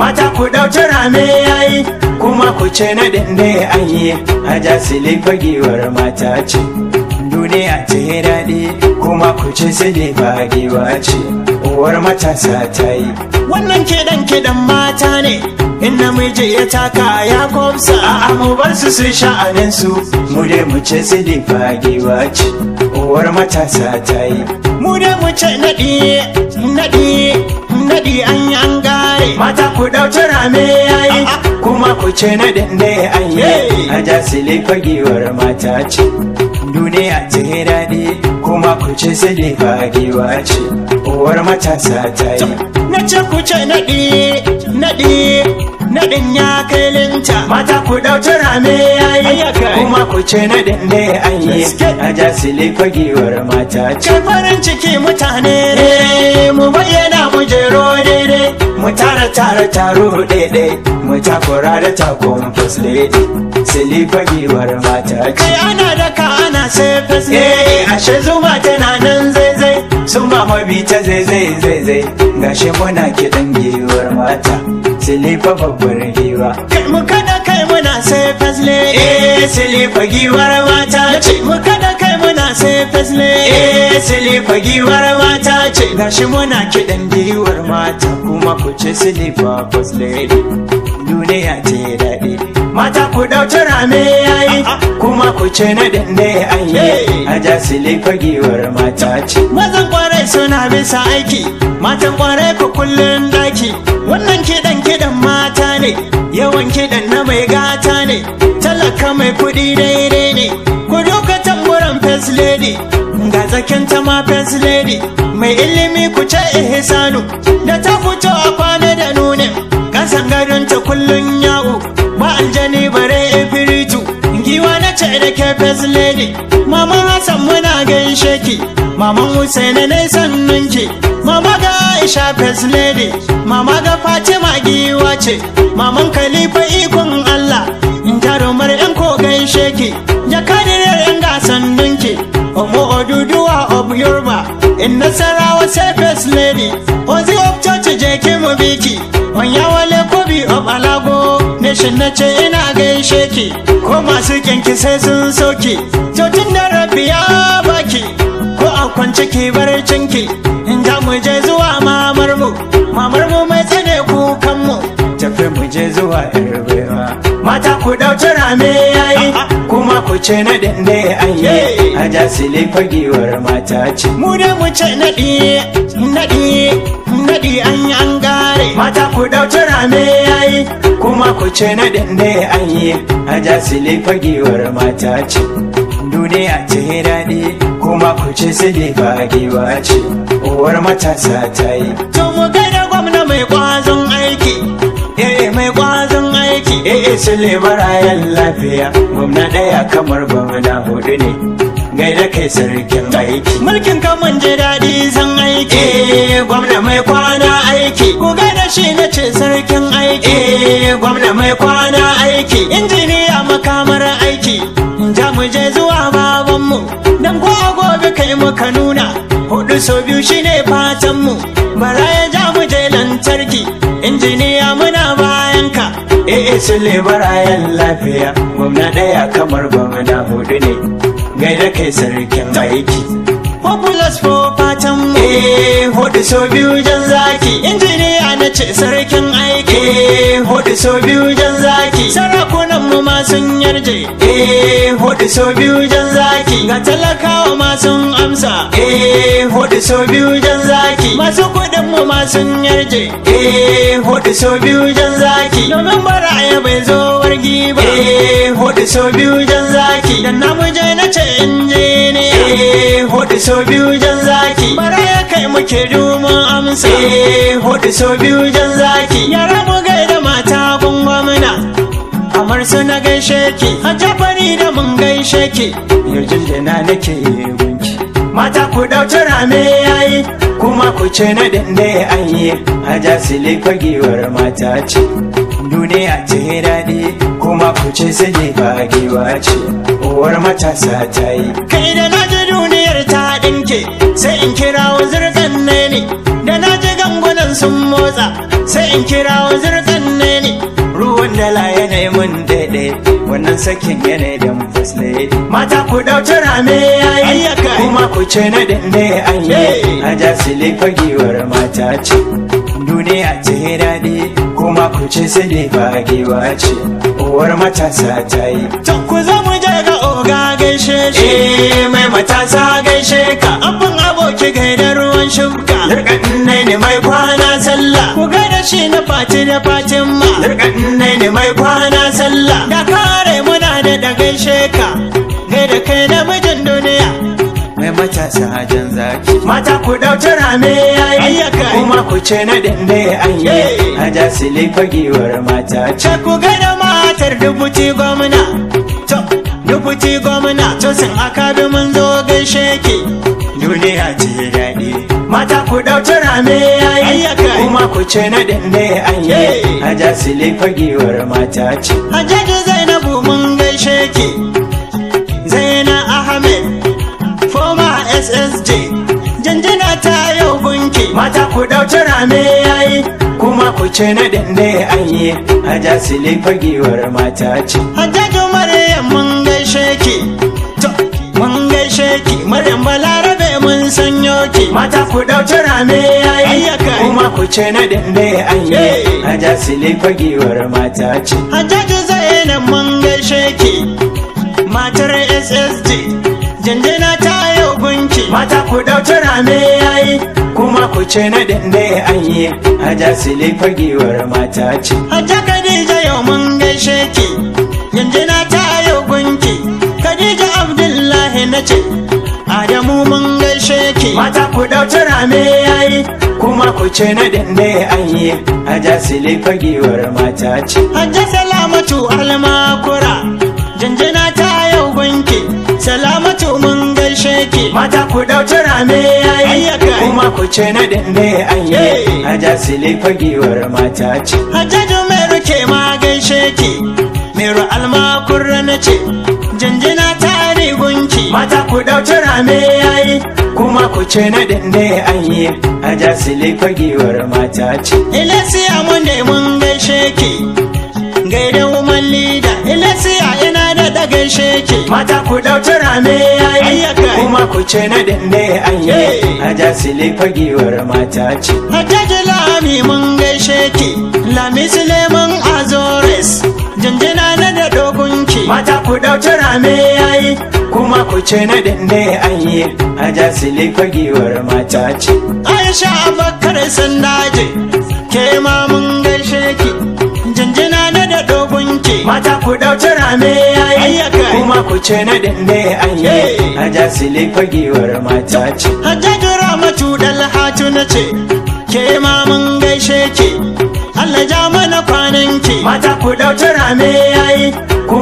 mata ku ɗauki rame yayi kuma ku ce na ayi. A ja silifa giwar mata ce duniya ce daɗi kuma ku ce silifa fagewa ce uwar matasa ta yi wannan kidan-kidan mata ne in namiji ya taka ya kwamsa a mu bar su su sha'anin su mu dai mu ce silifa giwa ce uwar matasa ta yi mu dai mu ce naɗi naɗi naɗi an yi an mata ku dauce rame yayi kuma ku ce na dande ayi a ja silifa giwar mata ce duniya ce daɗi kuma ku ce silifa giwa ce uwar matasa ta yi na ce ku ce naɗi naɗi naɗin ya kai linta mata ku ɗauci rame yayi kuma ku ce naɗin ne ayi yi a ja siliko giwar mata ce farin ciki mutane mu bayyana mu jero daidai mu tara tara taro daidai mu takura da takon first sile siliko giwar mata ce ana ka ana sai first a eh, ashe zuma tana nan zai sun ma bi ta zai zai zai zai gashi muna kiɗan giwar mata silifa babbar giwa kai mu kada kai muna sai fasle eh silifa giwar mata ce mu kada kai muna sai fasle eh silifa giwar mata ce gashi muna kiɗan giwar mata kuma ku ce silifa fasle duniya ce daɗi mata ku ɗauki rame yayi ah, ah. kuma ku ce na dande aiki. a ja sile giwar mata ce mazan kwarai suna bisa aiki matan kwarai ku kullun daki wannan kiɗan kiɗan mata ne yawan kiɗan na mai gata ne talaka mai kuɗi daidai ne ku doka tamburan fes lady ga zakin ta ma fes lady mai ilimi ku ce ihsanu eh, da ta fito a kwana da nunin kasan garin ta kullun anjani bare ifiritu giwa na ce da ke lady mama hassan muna gan sheki. mama husaina ne sannun ki mama ga aisha fes lady mama ga fatima giwa ce maman khalifa ikon allah in jarumar yan ko gaishe ki jakadiriyar yan gasan dunki omo oduduwa of yoruba in nasarawa sai fes lady ozi of church je ke mu biki onyawale wale kobi of alago station na ce ina gaishe ki ko masu kyanki sai sun soki to tun da rabi ya baki ko a kwance ki barcin ki in da mu je zuwa mamar mu mamar mu mai tsane kukan mu tafi mu je zuwa irbewa mata ku dauki rame yayi mu ce na dande anye a jasile fagewar mata ce mu da mu ce naɗi naɗi naɗi an yi an gare mata ku ɗauta rame yayi kuma ku ce na dande anye a jasile fagewar mata ce duniya ce daɗi kuma ku ce su fagewa ce uwar matasa ta yi to mu gaida gwamna mai kwazon aiki eh mai kwazon eh sule marayan lafiya gwamna ɗaya kamar na hudu ne gai da kai sarkin aiki mulkin mun ji daɗi zan aiki eh, eh, eh gwamna mai kwana aiki ku ga da shi na ce sarkin aiki eh, gwamna mai kwana aiki injiniya makamar aiki ja mu je zuwa babanmu dan ko gobe kai muka nuna hudu sau biyu shine fatanmu bara ya ja mu je lantarki injiniya muna e sule barayan lafiya gwamna ɗaya kamar gwamna hudu ne gaida kai sarkin aiki populous for fatan mu eh. hudu so biyu jan zaki injiniya na ce sarkin aiki eh hudu so biyu jan zaki sarakunan mu ma sun yarje eh hudu so biyu jan zaki ga talakawa ma sun amsa eh hudu so biyu jan zaki masu kudin mu ma sun yarje eh hudu so biyu jan zaki domin bara ya bai zo wargi ba eh hudu so biyu jan zaki dan namuje na ce injiniya eh hudu so biyu ke duma amsa eh, hudu so biyu jan zaki ya rabu gaida mata gungwamna kamar su na gaishe ki a jabari da mun gaishe ki da na nake gunki mata ku dauki rame yayi kuma ku ce na dande anyi haja silifa fagewar mata ce duniya ce daɗi kuma ku ce sile ba ce uwar matasa ta yi kai da na duniyar ta ɗinke sai in kira wa ni da na ji gangunan sun motsa sai in kira wa ne ni. ruwan dala yanayi mun daidai wannan sakin yana da mufas lady mata ku ɗauci rame yayi kuma ku ce na dande anye a ja fagewar mata ce duniya ce yi daɗi kuma ku ce sile fagewa ce uwar matasa ta yi ku za mu je ga oga gaishe shi eh, mai matasa gaishe ka abin aboki gaida ruwan shi Nai ne mai kwana sallah. Ku gaida shi na fati da fatin ma. Nai ne mai kwana sallah. Da kare muna da da gaishe ka. Gai da kai namijin duniya. Mai matasa a jan zaki. Mata ku ɗauki rame yayi. Kuma ku ce na dande an yi. Haja sile fagewar mata. Ce ku gaida matar dubuti gwamna. To, dubuti gwamna. To sun bi mun zo gaishe ki. kame yayi kuma ku ce na ne an yi a ja sile fagewar mata ce hajjaji zainabu mun gaishe ki zaina ahmed former ssj janjina ta yau gunki mata ku ɗauki rame yayi kuma ku ce na ne an yi a ja sile fagewar mata ce hajjaji maryam mun gaishe ki mun gaishe ki maryam bala sanyoki mata ku dauce rame yayi kuma ku ce na dande anye haja sile kwagewar mata ce zai zainab mun gaishe ki matar ssd janjina ta yau gunki mata ku dauce rame yayi kuma ku ce na dande anye haja sile kwagewar mata ce haja kadija yau mun gaishe ki janjina ta yau gunki kadija abdullahi na ce adamu mun gaishe ki mata ku ɗauce rame yayi kuma ku ce na dande a ja sile giwar mata ce hajja salamatu almakura janjina ta yau gunki salamatu mun gaishe ki mata ku ɗauce rame yayi kuma ku ce na dande a ja sile giwar mata ce hajja jumairu ke ma gaishe ki mero almakura na ce janjina ta gunki. mata ku ɗauce rame yayi kuma kuce na dinde ayi a ja fagewar mata ce ilasiya mun ne mun gaishe ki gaida woman leader ilasiya yana da da gaishe ki mata ku dauki rame yayi kuma kuce na dinde ayi a ja fagewar mata ce hata jilami mun gaishe ki lami suleiman azores jinjina na da dogunki mata ku dauki rame yayi kuma ku ce na dinde a ja sile fagewar mata ce aisha abakar San daje ke ma mun gaishe ki jinjina na da dogon ki mata ku dauce rame yayi kuma ku ce na dinde a ja sile fagewar mata ce haja jura matu dal hatu na ce ke ma mun gaishe ki Allah ja mana kwanan ki mata ku dauce rame yayi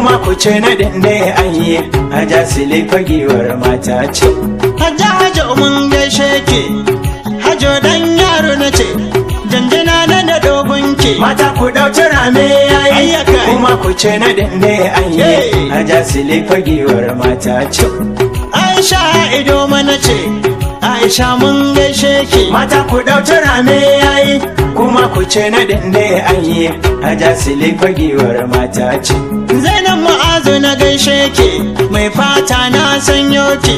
kuma kuce na dande anye haja sile fagewar mata ce haja haja mun gaishe ke hajo dan yaro na ce janjana na da dogon ke mata ku dauki rame yayi kuma ku na dande anye haja sile fagewar mata ce aisha ido mana ce aisha mun gaishe ke mata ku dauki rame yayi kuma kuce na dande anye haja sile fagewar mata ce Ramatu na gaishe ki mai fata na sanyo ki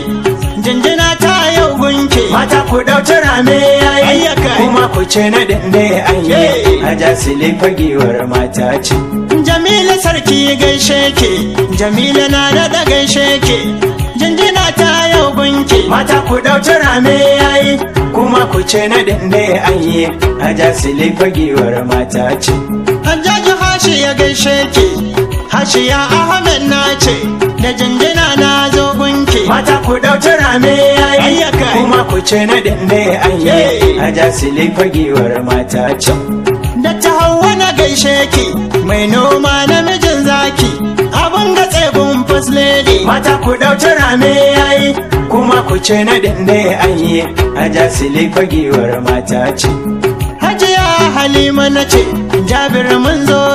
jinjina ta yau gunke mata ku ɗauci rame yayi kuma ku ce na dande anye a ja fagewar mata ce Jamila sarki gaishe ki Jamila na da gaishe ki jinjina ta yau gunke mata ku ɗauci rame yayi kuma ku ce na dande an yi a jasile fagewar mata ce. Hajjaji hashi ya gaishe ki, hashiya ahmed na ce da jinjina na zo gunki mata ku ɗauki rame yayi kuma ku ce na dinne anyi a ja silifa mata can da ta hawa na gaishe ki mai noma namijin zaki abun ga tsebun first lady mata ku ɗauki rame yayi kuma ku ce na dinne anyi a ja silifa mata can hajiya halima na ce jabir mun zo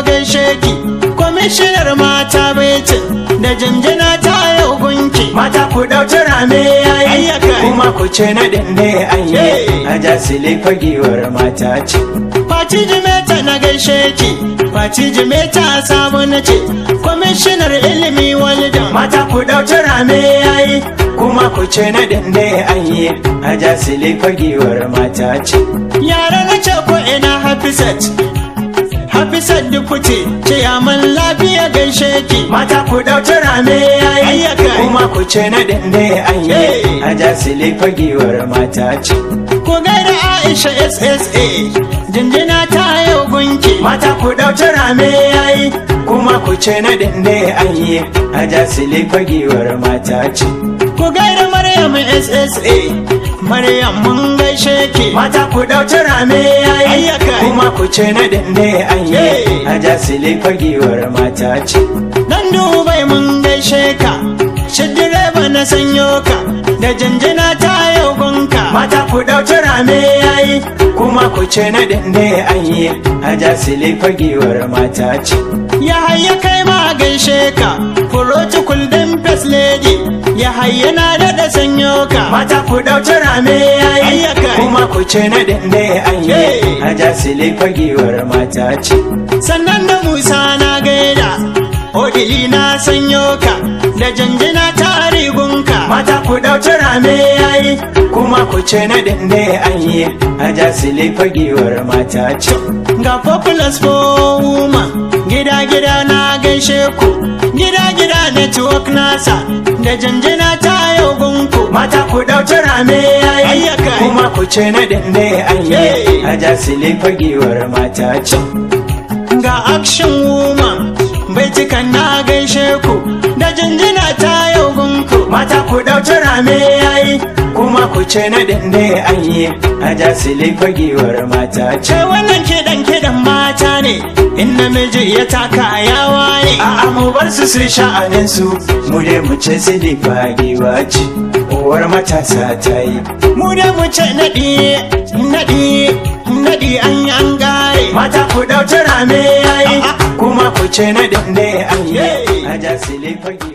shirar mata baitin da janjana ta yau gunki mata ku ɗauki rame yayi kuma ku ce na ne anye a jasile fagewar mata ce Fati jimeta na gaishe ki Fati jimeta samu na ce Kwamishinar ilimi walidan Mata ku ɗauki rame yi. kuma ku ce na ne anye a jasile fagewar mata ce yaran na ce ko ina hafisat ce ya ciyaman lafiya gaishe ki mata ku dauki rame yayi kuma ku ce na dande anye a ja silifa giwar mata ce ku gaira Aisha SSA jinjina ta yau gunki mata ku dauki rame ayi. kuma ku ce na dande anye a ja silifa giwar mata ce ku gaida Maryam SSA Maryam mun gaishe ki mata ku dauci rame yayi kuma ku ce na dande anye a sile fagewar mata ce dan dubai mun gaishe ka shi direba na sanyo ka da janjina ta yau gunka mata ku dauci rame yayi kuma ku ce na dande anye a sile fagewar mata ce ya hayya kai ma gaishe ka furo tukul dan lady ya hayyana daɗa sanyo ka mata ku ɗauki rame yayi kuma ku ce na dande anye A ja sile giwar mata ce sannan da musa na gaida odili na sanyo ka da janjina ta rigunka mata ku ɗauki rame yayi kuma ku ce na dande anye A ja sile giwar mata ce ga populous for woman gida-gida na gaishe ku gida-gida network nasa da janjina ta yau gunku mata ku dauci rame yayi kuma ku ce na dande ayi a jasile fagewar mata ce ga action woman bai na gaishe ku da janjina ta yau gunku mata ku dauci rame yayi kuma ku ce na dande yi a ja fagewar mata ce wannan kiɗan kiɗan mata ne in namiji ya taka yawa ne a mu bar su su sha'anin su mu dai mu ce sili fagewa ci uwar matasa ta yi mu dai mu ce naɗi naɗi naɗi an yi an gare mata ku ɗauta rame yayi kuma ku ce na dande yi a ja fagewa